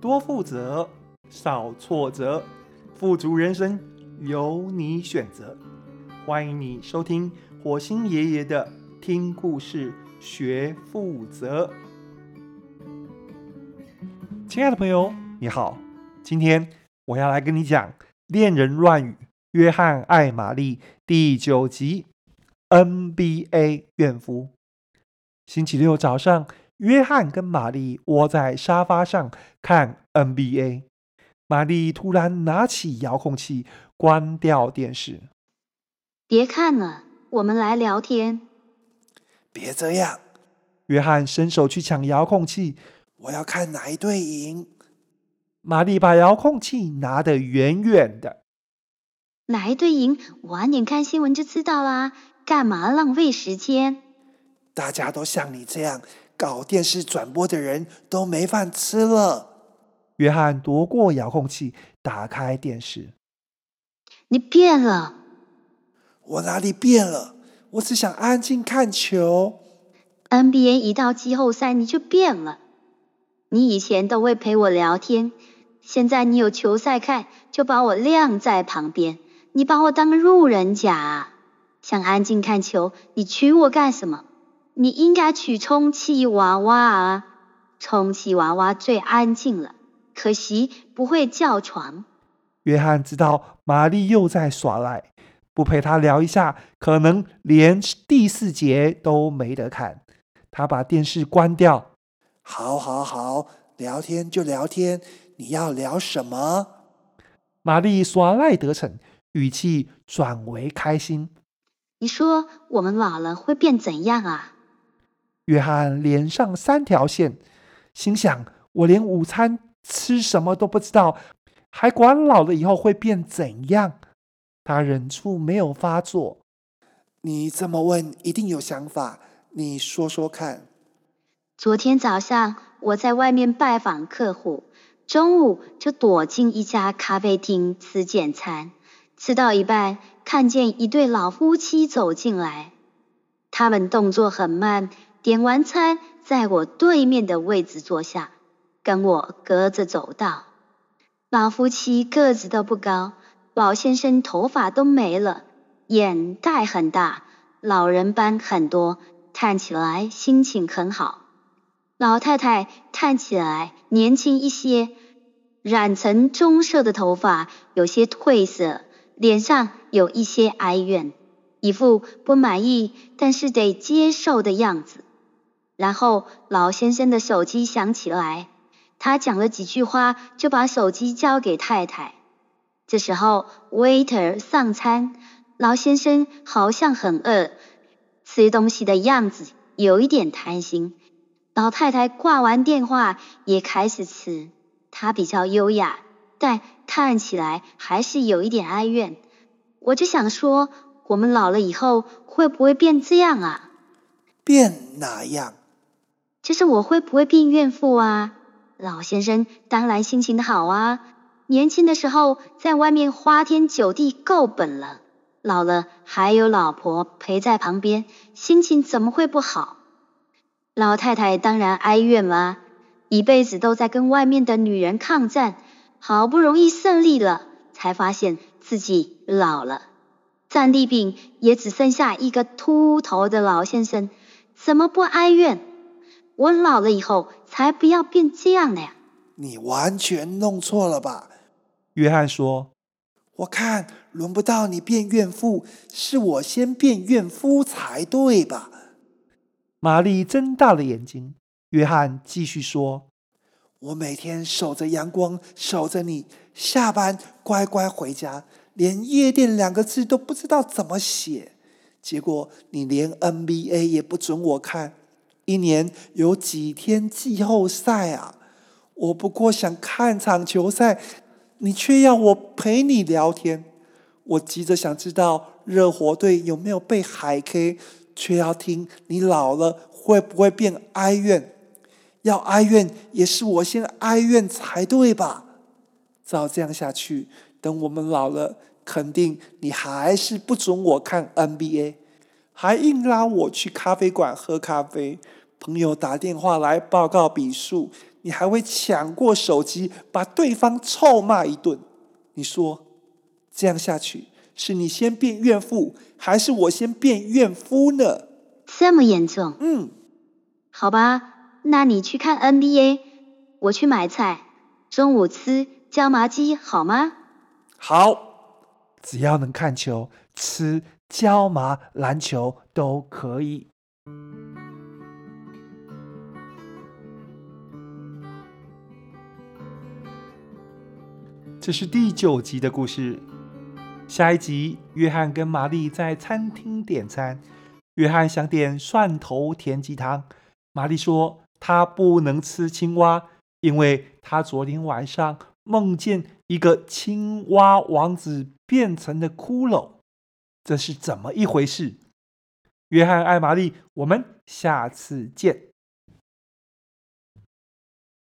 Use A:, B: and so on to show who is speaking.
A: 多富擇，少挫折，富足人生由你選擇。歡迎你收聽火星爺爺的聽故事學富擇。親愛的朋友，你好，今天我要來跟你講《戀人亂語》約翰愛瑪麗第九集 NBA 怨夫，星期六早上。約翰跟瑪麗窩在沙發上看 NBA，瑪麗突然拿起遙控器關掉電視。
B: 別看了，我們來聊天。別這樣！
A: 約翰伸手去搶遙控器。我要看哪一隊贏？瑪麗把遙控器拿得遠遠的。
B: 哪一隊贏？晚點看新聞就知道啦，幹嘛浪費時間？
A: 大家都像你這樣。搞電視轉播的人都沒飯吃了。約翰奪過遙控器，打開電視。
B: 你變了。
A: 我哪裡變了？我只想安靜看球。
B: NBA 一到季後賽你就變了。你以前都會陪我聊天，現在你有球賽看，就把我晾在旁邊。你把我當個路人甲。想安靜看球，你娶我幹什麼？你應該娶充氣娃娃啊！充氣娃娃最安靜了，可惜不會叫床。
A: 約翰知道瑪麗又在耍賴，不陪她聊一下，可能連第四節都沒得看。他把電視關掉。好好好，聊天就聊天，你要聊什麼？瑪麗耍賴得逞，語氣轉為開心。
B: 你說我們老了會變怎樣啊？
A: 約翰連上三條線，心想：“我連午餐吃什麼都不知道，還管老了以後會變怎樣？”他忍住沒有發作。你這麼問，一定有想法，你說說看。
B: 昨天早上我在外面拜訪客戶，中午就躲進一家咖啡廳吃簡餐。吃到一半，看見一對老夫妻走進來，他們動作很慢。點完餐，在我對面的位置坐下，跟我隔着走道。老夫妻個子都不高，老先生頭髮都沒了，眼袋很大，老人斑很多，看起來心情很好。老太太看起來年輕一些，染成棕色的頭髮有些褪色，臉上有一些哀怨，一副不滿意但是得接受的樣子。然後老先生的手機響起來，他講了幾句話，就把手機交給太太。這時候 waiter 上餐，老先生好像很餓，吃東西的樣子有一點貪心。老太太掛完電話也開始吃，她比較優雅，但看起來還是有一點哀怨。我就想說，我們老了以後會不會變這樣啊？
A: 變哪樣？
B: 這是我會不會變怨婦啊？老先生當然心情好啊，年輕的時候在外面花天酒地夠本了，老了還有老婆陪在旁邊，心情怎麼會不好？老太太當然哀怨啦！一輩子都在跟外面的女人抗戰，好不容易勝利了，才發現自己老了，戰利品也只剩下一個禿頭的老先生，怎麼不哀怨？我老了以後才不要變這樣的呀！
A: 你完全弄錯了吧？約翰說：“我看輪不到你變怨婦，是我先變怨夫才對吧？”瑪麗睜大了眼睛。約翰繼續說：“我每天守着陽光，守着你下班乖乖回家，連夜店兩個字都不知道怎麼寫，結果你連 NBA 也不准我看。”一年有幾天季後賽啊？我不過想看場球賽，你卻要我陪你聊天。我急着想知道熱火隊有沒有被海 K，卻要聽你老了會不會變哀怨。要哀怨也是我先哀怨才對吧？照這樣下去，等我們老了，肯定你還是不准我看 NBA，還硬拉我去咖啡館喝咖啡。朋友打電話來報告比數，你還會搶過手機把對方臭罵一頓。你說這樣下去，是你先變怨
B: 婦，還是我先變怨夫呢？這麼嚴重？嗯，好吧，那你去看 NBA，我去買菜，中午吃椒麻雞好嗎？
A: 好，只要能看球、吃椒麻、籃球都可以。這是第九集的故事。下一集，約翰跟瑪麗在餐廳點餐。約翰想點蒜頭甜雞湯，瑪麗說她不能吃青蛙，因為她昨天晚上夢見一個青蛙王子變成的骷髏。這是怎麼一回事？約翰愛瑪麗，我們下次見。